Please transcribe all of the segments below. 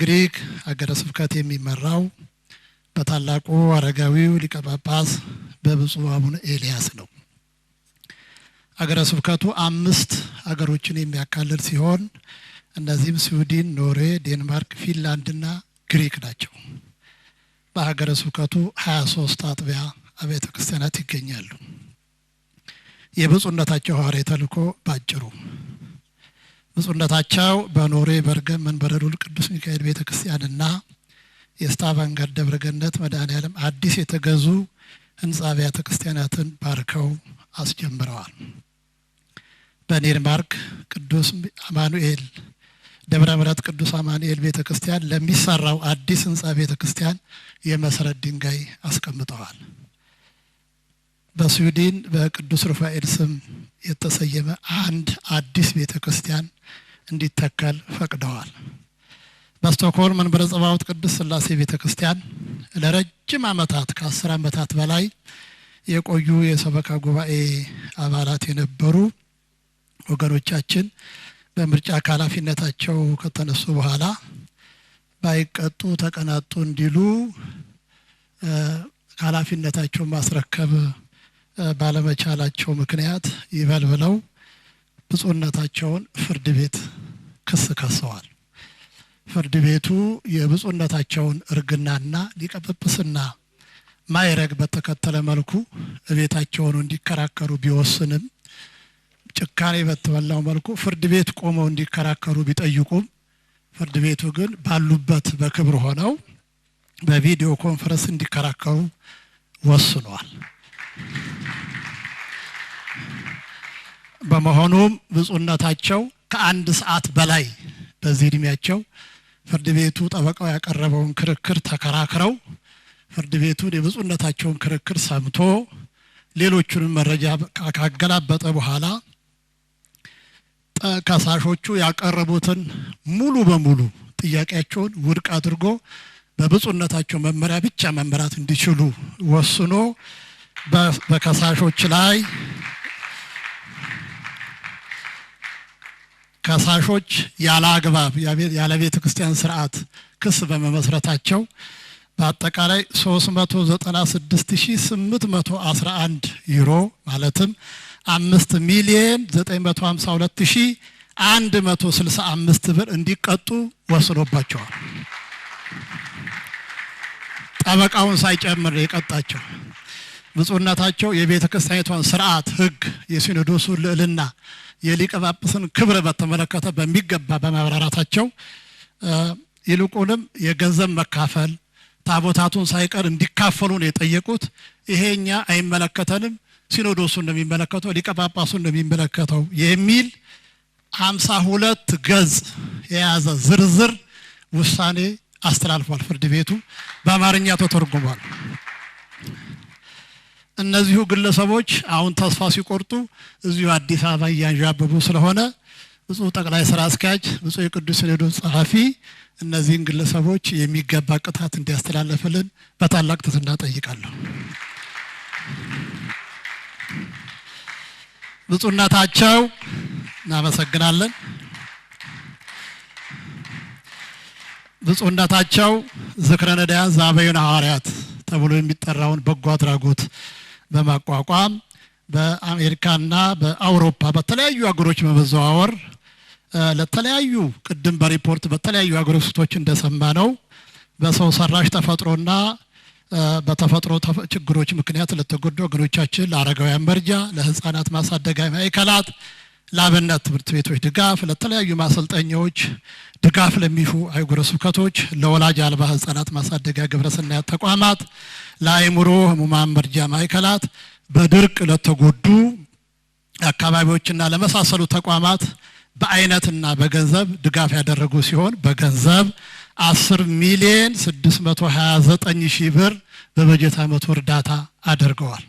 ግሪክ አገረ ስብከት የሚመራው በታላቁ አረጋዊው ሊቀ ጳጳስ በብፁዕ አቡነ ኤልያስ ነው። አገረ ስብከቱ አምስት አገሮችን የሚያካልል ሲሆን እነዚህም ስዊድን፣ ኖርዌ፣ ዴንማርክ፣ ፊንላንድና ግሪክ ናቸው። በሀገረ ስብከቱ 23 አጥቢያ አብያተ ክርስቲያናት ይገኛሉ። የብፁዕነታቸው ሐዋርያዊ ተልእኮ ባጭሩ ብፁዕነታቸው በኖሬ በርገን መንበረ ልዑል ቅዱስ ሚካኤል ቤተ ክርስቲያንና የስታቫንጋድ ደብረ ገነት መድኃኔዓለም አዲስ የተገዙ ህንፃ አብያተ ክርስቲያናትን ባርከው አስጀምረዋል። በዴንማርክ ቅዱስ አማኑኤል ደብረ ምሕረት ቅዱስ አማኑኤል ቤተ ክርስቲያን ለሚሰራው አዲስ ህንፃ ቤተ ክርስቲያን የመሰረት ድንጋይ አስቀምጠዋል። በስዊድን በቅዱስ ሩፋኤል ስም የተሰየመ አንድ አዲስ ቤተ ክርስቲያን እንዲተከል ፈቅደዋል። በስቶክሆልም መንበረ ጸባዖት ቅዱስ ስላሴ ቤተ ክርስቲያን ለረጅም ዓመታት ከአስር ዓመታት በላይ የቆዩ የሰበካ ጉባኤ አባላት የነበሩ ወገኖቻችን በምርጫ ከኃላፊነታቸው ከተነሱ በኋላ ባይቀጡ ተቀናጡ እንዲሉ ከኃላፊነታቸው ማስረከብ ባለመቻላቸው ምክንያት ይበል ብለው ብፁዕነታቸውን ፍርድ ቤት ክስ ከሰዋል። ፍርድ ቤቱ የብፁዕነታቸውን እርግናና ሊቀ ጵጵስና በተከተለ መልኩ ቤታቸውን እንዲከራከሩ ቢወስንም ጭካኔ በተበላው መልኩ ፍርድ ቤት ቆመው እንዲከራከሩ ቢጠይቁም ፍርድ ቤቱ ግን ባሉበት በክብር ሆነው በቪዲዮ ኮንፈረንስ እንዲከራከሩ ወስኗል። በመሆኑም ብፁዕነታቸው ከአንድ ሰዓት በላይ በዚህ እድሜያቸው ፍርድ ቤቱ ጠበቃው ያቀረበውን ክርክር ተከራክረው ፍርድ ቤቱን የብፁዕነታቸውን ክርክር ሰምቶ ሌሎቹንም መረጃ ካገላበጠ በኋላ ከሳሾቹ ያቀረቡትን ሙሉ በሙሉ ጥያቄያቸውን ውድቅ አድርጎ በብፁዕነታቸው መመሪያ ብቻ መመራት እንዲችሉ ወስኖ በከሳሾች ላይ ከሳሾች ያለ አግባብ ያለ ቤተ ክርስቲያን ስርዓት ክስ በመመስረታቸው በአጠቃላይ 396811 ዩሮ ማለትም 5 ሚሊየን 952165 ብር እንዲቀጡ ወስኖባቸዋል። ጠበቃውን ሳይጨምር የቀጣቸው ብፁዕነታቸው የቤተ ክርስቲያኒቷን ስርዓት፣ ህግ፣ የሲኖዶሱ ልዕልና የሊቀ ጳጳስን ክብር በተመለከተ በሚገባ በማብራራታቸው ይልቁንም የገንዘብ መካፈል ታቦታቱን ሳይቀር እንዲካፈሉ ነው የጠየቁት። ይሄኛ አይመለከተንም፣ ሲኖዶሱ እንደሚመለከተው ሊቀ ጳጳሱ እንደሚመለከተው የሚል ሀምሳ ሁለት ገጽ የያዘ ዝርዝር ውሳኔ አስተላልፏል። ፍርድ ቤቱ በአማርኛ ተተርጉሟል። እነዚሁ ግለሰቦች አሁን ተስፋ ሲቆርጡ እዚሁ አዲስ አበባ እያንዣበቡ ስለሆነ ብፁዕ ጠቅላይ ስራ አስኪያጅ፣ ብፁዕ የቅዱስ ሲኖዶስ ጸሐፊ እነዚህን ግለሰቦች የሚገባ ቅጣት እንዲያስተላለፍልን በታላቅ ትሕትና ጠይቃለሁ። ብፁዕነታቸው እናመሰግናለን። ብፁዕነታቸው ዝክረ ነዳያን ዘአበዊነ ሐዋርያት ተብሎ የሚጠራውን በጎ አድራጎት በማቋቋም በአሜሪካና በአውሮፓ በተለያዩ ሀገሮች በመዘዋወር ለተለያዩ ቅድም በሪፖርት በተለያዩ ሀገሮች ውስጦች እንደሰማ ነው በሰው ሰራሽ ተፈጥሮና በተፈጥሮ ችግሮች ምክንያት ለተጎዱ ወገኖቻችን ለአረጋውያን መርጃ፣ ለህፃናት ማሳደጋ ማዕከላት ለአብነት ትምህርት ቤቶች ድጋፍ፣ ለተለያዩ ማሰልጠኛዎች ድጋፍ ለሚፉ አህጉረ ስብከቶች፣ ለወላጅ አልባ ህጻናት ማሳደጊያ ግብረሰናያት ተቋማት፣ ለአእምሮ ህሙማን መርጃ ማዕከላት፣ በድርቅ ለተጎዱ አካባቢዎችና ለመሳሰሉ ተቋማት በአይነትና በገንዘብ ድጋፍ ያደረጉ ሲሆን በገንዘብ 10 ሚሊዮን 629 ሺህ ብር በበጀት ዓመቱ እርዳታ አድርገዋል።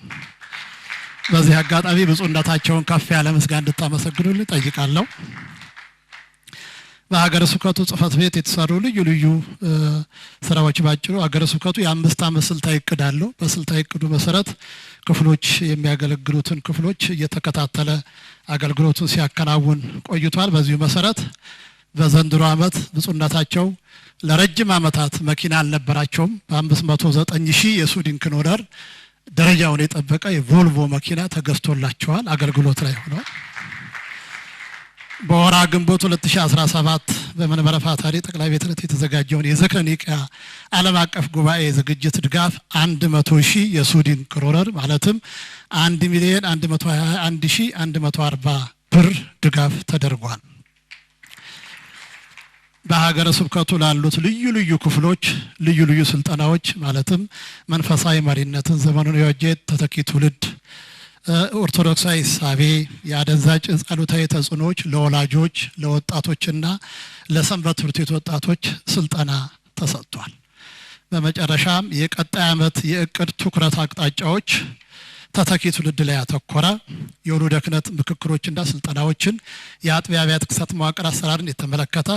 በዚህ አጋጣሚ ብፁዕነታቸውን ከፍ ያለ ምስጋና እንድታመሰግኑልኝ ጠይቃለሁ። በሀገረ ስብከቱ ጽሕፈት ቤት የተሰሩ ልዩ ልዩ ስራዎች ባጭሩ፣ ሀገረ ስብከቱ የአምስት ዓመት ስልታዊ እቅድ አለው። በስልታዊ እቅዱ መሰረት ክፍሎች የሚያገለግሉትን ክፍሎች እየተከታተለ አገልግሎቱን ሲያከናውን ቆይቷል። በዚሁ መሰረት በዘንድሮ ዓመት ብፁዕነታቸው ለረጅም ዓመታት መኪና አልነበራቸውም። በአምስት መቶ ዘጠኝ ሺህ የስዊድን ደረጃውን የጠበቀ የቮልቮ መኪና ተገዝቶላቸዋል። አገልግሎት ላይ ሆነው በወራ ግንቦት 2017 በመንበረ ፓትርያርክ ጠቅላይ ቤተ ክህነት የተዘጋጀውን የዝክረ ዓለም አቀፍ ጉባኤ ዝግጅት ድጋፍ 100 ሺህ የስዊድን ክሮነር ማለትም 1 ሚሊዮን 121 ሺህ 140 ብር ድጋፍ ተደርጓል። በሀገረ ስብከቱ ላሉት ልዩ ልዩ ክፍሎች ልዩ ልዩ ስልጠናዎች ማለትም መንፈሳዊ መሪነትን፣ ዘመኑን የዋጀ ተተኪ ትውልድ፣ ኦርቶዶክሳዊ ሳቤ፣ የአደንዛጭ ዕፅ ተጽዕኖዎች ለወላጆች ለወጣቶችና ለሰንበት ትምህርት ቤት ወጣቶች ስልጠና ተሰጥቷል። በመጨረሻም የቀጣይ ዓመት የእቅድ ትኩረት አቅጣጫዎች ተተኪ ትውልድ ላይ ያተኮረ የወሉ ደክነት ምክክሮችና ስልጠናዎችን የአጥቢያ አብያተ ክርስቲያናት መዋቅር አሰራርን የተመለከተ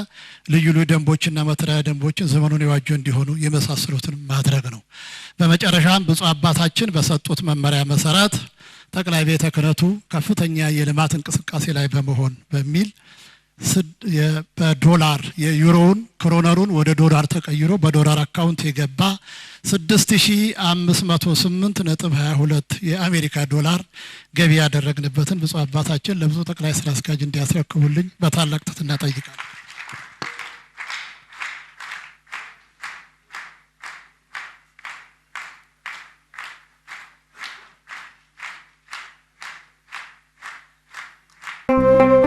ልዩ ልዩ ደንቦችና መተዳደሪያ ደንቦችን ዘመኑን የዋጁ እንዲሆኑ የመሳሰሉትን ማድረግ ነው። በመጨረሻም ብፁዕ አባታችን በሰጡት መመሪያ መሰረት ጠቅላይ ቤተ ክህነቱ ከፍተኛ የልማት እንቅስቃሴ ላይ በመሆን በሚል በዶላር የዩሮውን ክሮነሩን ወደ ዶላር ተቀይሮ በዶላር አካውንት የገባ 6508.22 የአሜሪካ ዶላር ገቢ ያደረግንበትን ብፁዕ አባታችን ለብፁዕ ጠቅላይ ስራ አስኪያጅ እንዲያስረክቡልኝ በታላቅ thank you